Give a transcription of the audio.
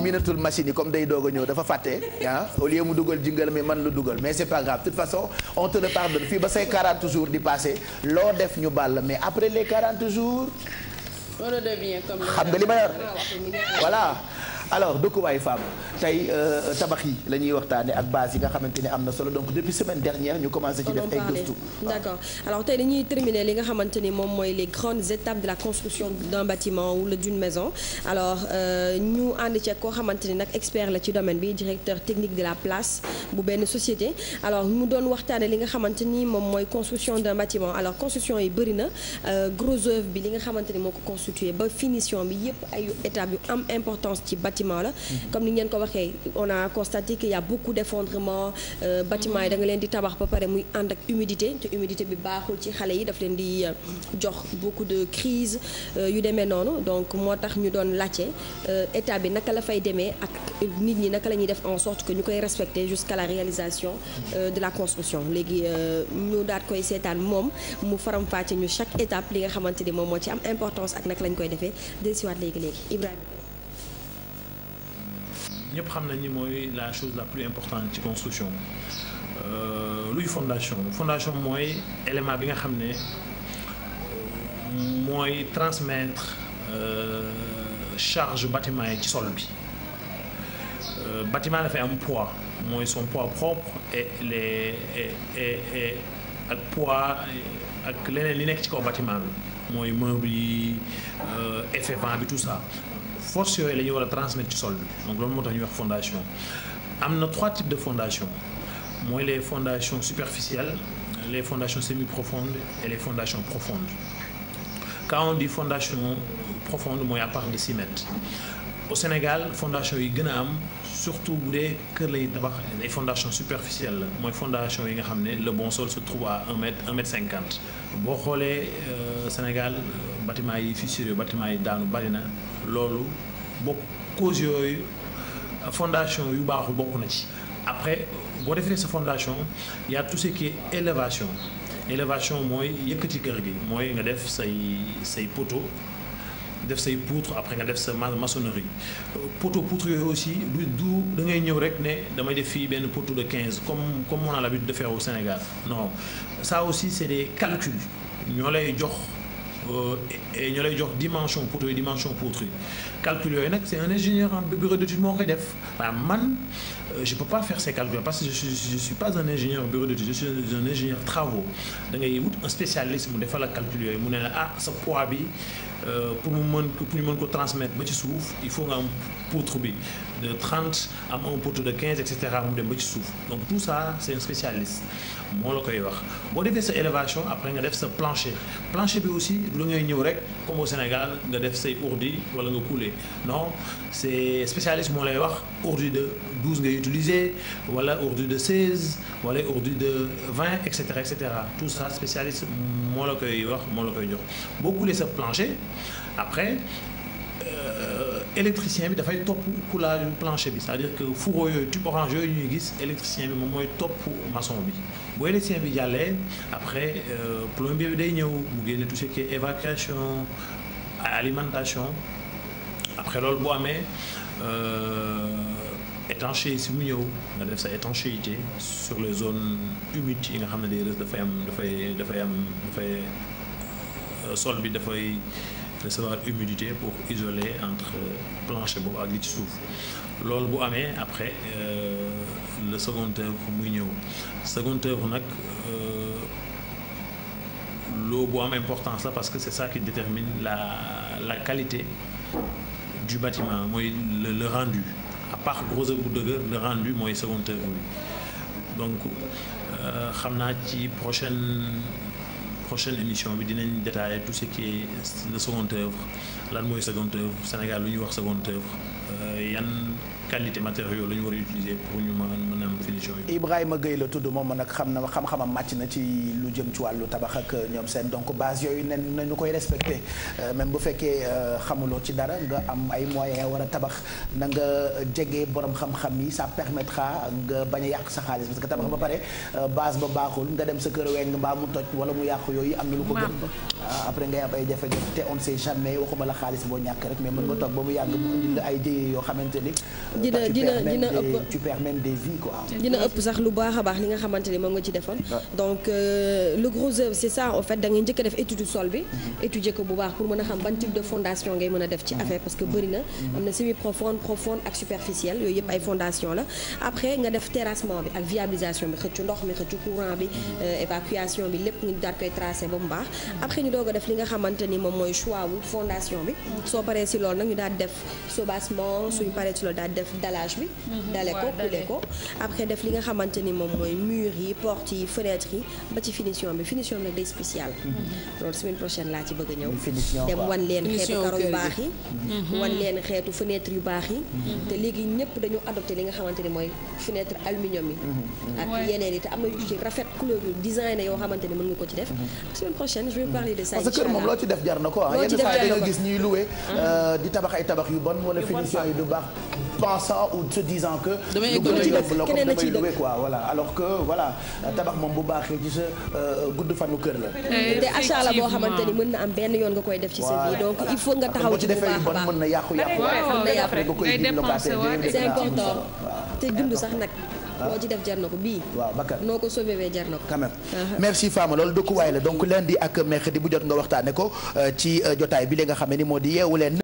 moom minatul machine yi comme day doog a ñëw dafa fàtte ah au lieu mu dugal jingal mi man lu dugal mais c'est pas grave de toute façon on te le pardonne fii ba say 40 jours di passé loo def ñu bàll mais après les 40 jours. on redevient comme xam nga li ma yor ah, alors dëkkuwaay femme tey euh, euh, tabax yi la ñuy waxtaane ak base yi nga xamante ne am na solo donc depuis semaine dernière ñu commencé ci def ay gëstu d'accord alors tey dañuy terminer li nga xamante ni moom mooy les grandes étapes de la construction d'un bâtiment wala d'une maison alors euh, ñu ànd ceeg koo xamante ni nag expert la ci domaine bi directeur technique de la place benn société alors mu doon waxtaane li nga xamante ni moom mooy construction d'un bâtiment alors construction yi bëri na gros œuvre bi li nga xamante ni moo ko constitué ba finition bi yëpp ay étapes yu am importance ci bâtiment bâtiment la mhm. comme ni ngeen ko waxee on a constaté qu'il y a beaucoup d'effondrement euh, bâtiment yi danga leen di tabax ba pare muy ànd ak humidité te humidité bi baaxul ci xale yi daf leen di euh, jox beaucoup de crises euh, yu demee noonu donc moo tax ñu doon laajte état bi naka la fay demee ak nit ñi naka la ñuy def en sorte que ñu koy respecter jusqu'à la réalisation de la construction léegi ñu daat koy seetaan moom mu faram-fàcce ñu chaque étape li nga xamante ni moom moo ci am importance ak naka lañ koy defee dellusiwaat léegi léegi Ibrahima ñëpp xam nañ ni mooy la chose la plus importante ci construction euh, luy fondation fondation mooy élément bi nga xam ne euh, mooy transmettre euh, charge bâtiment yi ci sol bi bâtiment dafay am poids mooy son poids propre et les et ak poids ak leneen li nekk ci kaw bâtiment bi mooy meuble yi effet vent bi tout ça force yooyu la war a transmettre ci sol bi donc loolu moo tax ñuy wax fondation am na trois types de fondation mooy les fondations superficielles les fondation semi-profondes et les fondations profondes quand di fondation profonde mooy à part de 6 au Sénégal fondation yi gën a am surtout bu dee kër lay tabax ay fondation superficielle la mooy fondation yi nga xam ne le bon sol se trouve à un mètre un mètre cinquante boo xoolee euh, Sénégal euh, bâtiment yi fissuré bâtiment yi daanu bari na loolu bokk cause yooyu fondation yu baaxul bokk na ci après boo defee sa fondation y a tout ce qui est élévation élévation mooy yëkkati kër gi mooy nga def say say poteau def say poutre après nga def sa maçonnerie poteau poutre yooyu aussi du du da ngay ñëw rek ne damay def fii benn poteau de 15 comme comme on la l'habitude de faire au Sénégal non ça aussi c'est des calculs ñoo lay jox euh, ñoo lay jox dimension poteau yi dimension poutre yi calcul yooyu nag c'est un ingénieur en bureau d'étude moo koy def waaw man euh, je peux pas faire ces calculs parce que je suis je suis pas un ingénieur bureau d'étude je suis un travaux da wut un spécialiste mu defal la calcul yooyu mu ne la ah, sa poids bi Euh, pour mu mën pour ñu mën ko transmettre ba ci suuf il faut nga am poutre bi de 30 am un poutre de 15 et mu dem ba ci suuf donc tout ça c' est moo la koy wax boo defee sa élévation après nga def sa plancher plancher bi aussi lu ngay ñëw rek comme Sénégal nga def say ourdi wala nga couler non est spécialiste moo lay wax ourdi de 12 ngay utiliser wala ourdi de wala ourdi de 20 et cetera cetera tout ça spécialiste moo la koy wax moo la koy jox boo couler sa plancher après euh, électricien bi dafay topp coulage plancher bi c'est-à-dire que fourreau yooyu tube orange yooyu ñuy gis électricien bi moom mooy topp mason bi bu électricien bi jàllee après euh, plombier bi day ñëw mu génne tout ce qui évacuation alimentation après loolu boo amee euh, étanché si mu ñëw nga def sa étanchéité sur les zones humides yi nga xam ne day rës dafay am dafay dafay am dafay sol bi dafay recevoir humidité pour isoler entre plancher boobu ak li ci suuf loolu bu amee après euh, le second œuvre muy ñëw second œuvre nag euh, loo bu am importance la parce que c'est ça qui détermine la la qualité du bâtiment mooy le, le rendu à part gros œuvre bu dëgër le rendu mooy second œuvre bi donc euh, xam naa ci prochaine prochaine émission bi dinañ détailler tout ce qui est le seconde lan mooy seconde œuvre Sénégal lu ñuy wax seconde œuvre euh, yan qualité matériaux la war a utiliser pour ñu mën religion yi. Ibrahima Gueye la tudd moom nag xam na xam-xamam màcc na ci lu jëm ci wàllu tabax ak ñoom seen donc baas yooyu nen nañu koy respecté euh, même bu fekkee euh, xamuloo ci dara nga am ay moyens war a tabax na nga jege borom xam-xam yi ça permettra nga bañ a yàq sa xaalis parce que tabax ba pare euh, base ba baaxul nga dem sa kër weng mbaa mu toj wala mu yàqu yooyu am na lu ko gën ah, après ngay am ay te on ne sait jamais waxuma la xaalis boo ñàkk rek mais mën nga toog ba mu mu indil la ay jëye yoo xamante ni dina ah, dina dina ëpp tu perds même des vies quoi dina ëpp sax lu baax a baax li nga xamante ni moom nga ci defoon. Ah. donc euh, le gros œuvre c'est da ngay njëkk def étude sol bi. Mm-hmm. étudier baax pour mën a xam ban type de fondation ngay mën a def ci mm-hmm. affaire parce que bëri na. Mm-hmm. am na semi profonde profonde ak superficielle yëpp ay fondation la après nga def terrassement bi ak viabilisation bi xëccu ndox mi xëccu courant bi euh, bi lépp ñu daal koy tracé ba mu baax. def li nga xamante ni moom mooy choix wu fondation bi. soo paree si loolu nag ñu daal def soubassement suñ paree si lool daal def dallage bi. dale ko couler ko te def li nga xamante ni moom mooy murs yi portes yi fenêtres yi ba ci finition bi finition bi nag day spécial. Mhm. loolu semaine prochaine laa ci bëgg a ñëw. dem wan leen xeetu karo yu baax yi. Mhm. wan leen xeetu fenêtres yu baax yi. Mhm. te léegi ñëpp dañu adopté li nga xamante ni mooy fenêtre aluminium yi. ak yeneen yi te am na yu ci rafet couleur yu design na yoo xamante ni mën nga ko ci def. semaine prochaine je vais parler de ça parce que kër moom loo ci def jar na ko ah yenn saa yi dañoo gis ñuy loué euh, di tabax ay tabax yu bon wala finition yi du baax pensant ou se disant que. damay yëngu quoi voilà alors que voilà tabax moom bu baaxee ci sa euh, gudd fanu kër la. Eh, eh, te achat la boo xamante ni mën na am benn yoon nga koy def ci sa vie donc il faut nga taxaw ci bu baax a mën na yàqu yàqu. mën na yàqu c'est important te dund sax nag. boo ci def jar na ko bii. waaw Bakar noo ko sauvé wee jar na ko. quand même ah, ah. merci Fama loolu dëkkuwaay la donc di ak mercredi bu jot nga waxtaane ko euh, ci euh, jotaay bi li nga xam ni moo di yeewu leen.